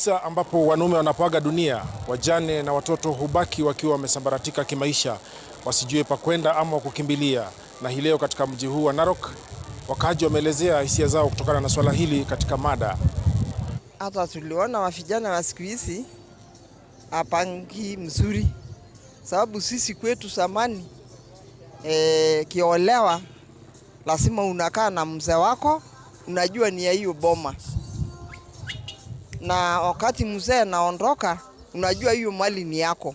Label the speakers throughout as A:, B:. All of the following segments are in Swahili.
A: tisa ambapo wanaume wanapoaga dunia, wajane na watoto hubaki wakiwa wamesambaratika kimaisha, wasijue pa kwenda ama wakukimbilia. Na hii leo katika mji huu wa Narok, wakaaji wameelezea hisia zao kutokana na swala hili katika mada.
B: Hata tuliona wavijana wa siku hizi apangi mzuri, sababu sisi kwetu zamani e, kiolewa lazima unakaa na mzee wako, unajua ni ya hiyo boma na wakati mzee naondoka, unajua hiyo mali ni yako.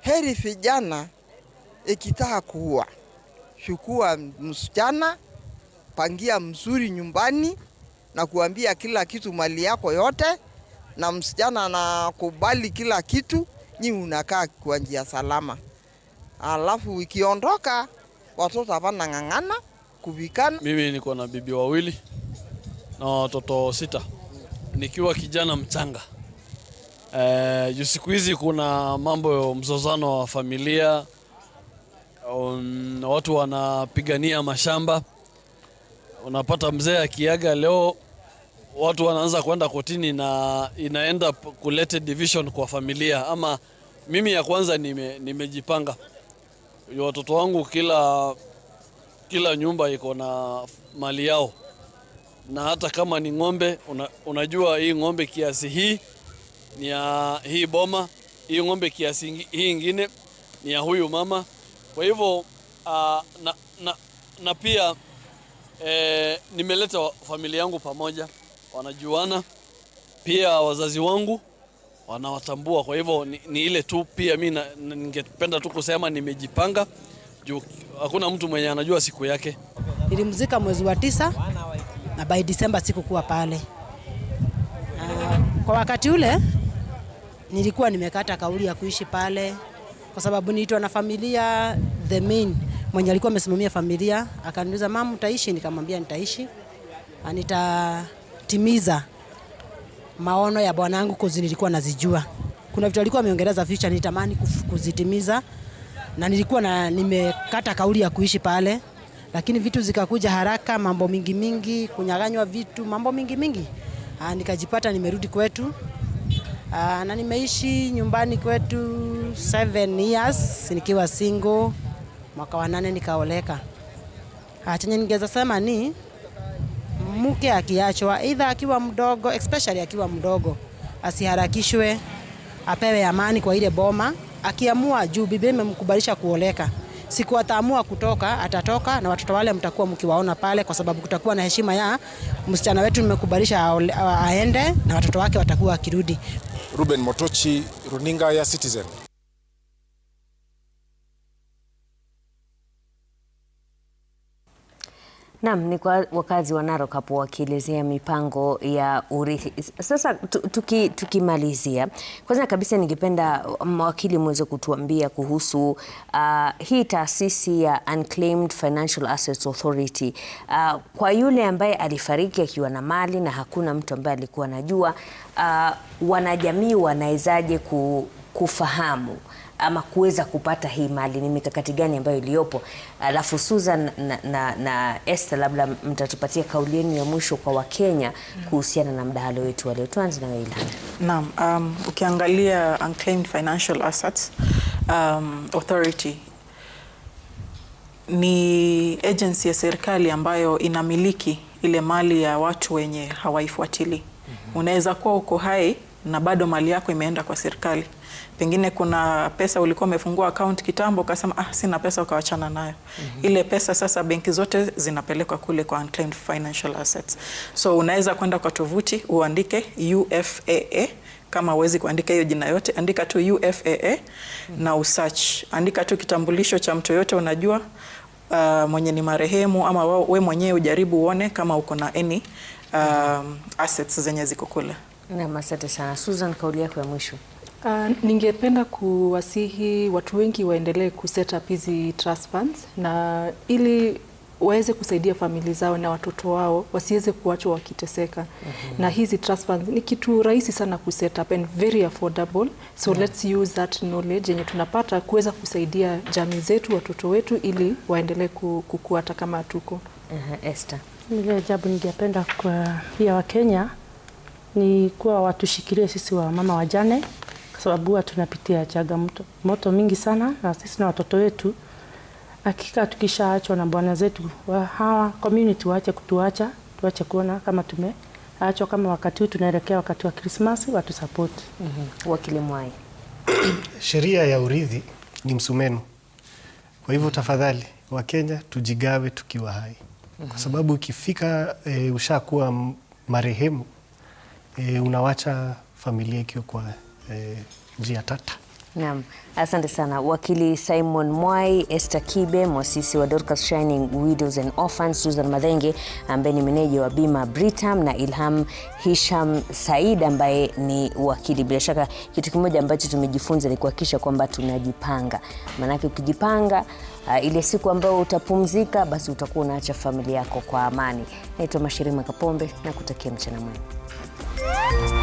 B: Heri vijana ikitaka kuua, chukua msichana, pangia mzuri nyumbani na kuambia kila kitu mali yako yote, na msichana anakubali kila kitu, nyi unakaa kwa njia salama. Alafu ikiondoka watoto hapana ng'ang'ana kuvikana.
C: Mimi niko na bibi wawili na watoto sita nikiwa kijana mchanga eh, juu siku hizi kuna mambo ya mzozano wa familia on, um, watu wanapigania mashamba. Unapata mzee akiaga leo, watu wanaanza kwenda kotini na inaenda kulete division kwa familia. Ama mimi ya kwanza nime, nimejipanga watoto wangu, kila kila nyumba iko na mali yao na hata kama ni ng'ombe una, unajua hii ng'ombe kiasi hii ni ya hii boma, hii ng'ombe kiasi hii ingine ni ya huyu mama. Kwa hivyo uh, na, na, na pia eh, nimeleta familia yangu pamoja, wanajuana pia, wazazi wangu wanawatambua. Kwa hivyo ni, ni ile tu pia mi ningependa tu kusema nimejipanga juu hakuna mtu mwenye anajua siku yake.
D: ilimzika mwezi wa tisa na by December sikukuwa pale. Uh, kwa wakati ule nilikuwa nimekata kauli ya kuishi pale kwa sababu niitwa na familia the main mwenye alikuwa amesimamia familia akaniuliza, mama, utaishi? Nikamwambia nitaishi, ah, nitatimiza maono ya bwanangu kozi nilikuwa nazijua. Kuna vitu alikuwa ameongeleza future, nitamani kuzitimiza na nilikuwa na nimekata kauli ya kuishi pale lakini vitu zikakuja haraka, mambo mingi mingi, kunyaganywa vitu, mambo mingi mingi. Aa, ah, nikajipata nimerudi kwetu. Aa, ah, na nimeishi nyumbani kwetu 7 years nikiwa single, mwaka wa nane nikaoleka. Ah, chenye ningeza sema ni mke akiachwa, either akiwa mdogo, especially akiwa mdogo, asiharakishwe, apewe amani kwa ile boma, akiamua juu bibi imemkubalisha kuoleka siku ataamua kutoka atatoka, na watoto wale mtakuwa mkiwaona pale, kwa sababu kutakuwa na heshima ya msichana wetu, nimekubalisha aende na watoto wake watakuwa wakirudi.
E: Ruben Motochi, runinga ya Citizen.
F: Naam, ni kwa wakazi wa Narok hapo wakielezea mipango ya urithi. Sasa tukimalizia, tuki kwanza kabisa, ningependa mawakili mweze kutuambia kuhusu uh, hii taasisi ya Unclaimed Financial Assets Authority uh, kwa yule ambaye alifariki akiwa na mali na hakuna mtu ambaye alikuwa anajua uh, wanajamii wanawezaje kufahamu ama kuweza kupata hii mali, ni mikakati gani ambayo iliyopo? Alafu Susan na, na, na Esther, labda mtatupatia kauli yenu ya mwisho kwa Wakenya kuhusiana na mdahalo wetu wa leo. Tuanze na wewe
G: Naam, um, ukiangalia unclaimed financial assets um, authority ni agency ya serikali ambayo inamiliki ile mali ya watu wenye hawaifuatili. mm -hmm. Unaweza kuwa uko hai na bado mali yako imeenda kwa serikali. Pengine kuna pesa ulikuwa umefungua account kitambo ukasema ah, sina pesa ukawachana nayo. Mm -hmm. Ile pesa sasa benki zote zinapelekwa kule kwa unclaimed financial assets. So unaweza kwenda kwa tovuti uandike UFAA kama uwezi kuandika hiyo jina yote, andika tu UFAA mm. na usearch, andika tu kitambulisho cha mtu yote unajua, uh, mwenye ni marehemu ama wewe mwenyewe ujaribu uone kama uko na any um, assets zenye ziko kule.
F: Naam, asante sana Susan, kauli yako ya mwisho.
H: Uh, ningependa kuwasihi watu wengi waendelee kuset up hizi trust funds na ili waweze kusaidia familia zao na watoto wao wasiweze kuachwa wakiteseka. mm -hmm. Na hizi trust funds ni kitu rahisi sana ku set up and very affordable so -hmm. Let's use that knowledge yenye tunapata kuweza kusaidia jamii zetu, watoto wetu, ili waendelee kukua hata kama tuko uh
F: -huh. Esther,
I: ningependa kwa pia Wakenya ni kuwa watushikilie sisi wa mama wajane, kwa sababu huwa tunapitia changamoto moto mingi sana, na sisi na watoto wetu. Hakika tukishaachwa na bwana zetu wa hawa community, waache kutuacha, tuache kuona kama tumeachwa. Kama wakati huu tunaelekea wakati wa Krismasi, watu support.
F: mm -hmm. Wakili Mwai,
J: sheria ya urithi ni msumeno, kwa hivyo tafadhali Wakenya tujigawe tukiwa hai, kwa mhm. sababu ukifika e, ushakuwa marehemu e, unawacha familia ikiwa kwa e, njia tata.
F: Naam, asante sana wakili Simon Mwai, Esther Kibe, mwasisi wa Dorcas Shining Widows and Orphans, Susan Madhenge ambaye ni meneja wa bima Britam, na Ilham Hisham Said ambaye ni wakili. Bila shaka kitu kimoja ambacho tumejifunza ni kuhakikisha kwamba tunajipanga, maanake ukijipanga uh, ile siku ambayo utapumzika basi utakuwa unaacha familia yako kwa amani. Naitwa Mashirima Kapombe na kutakia mchana mwema. you.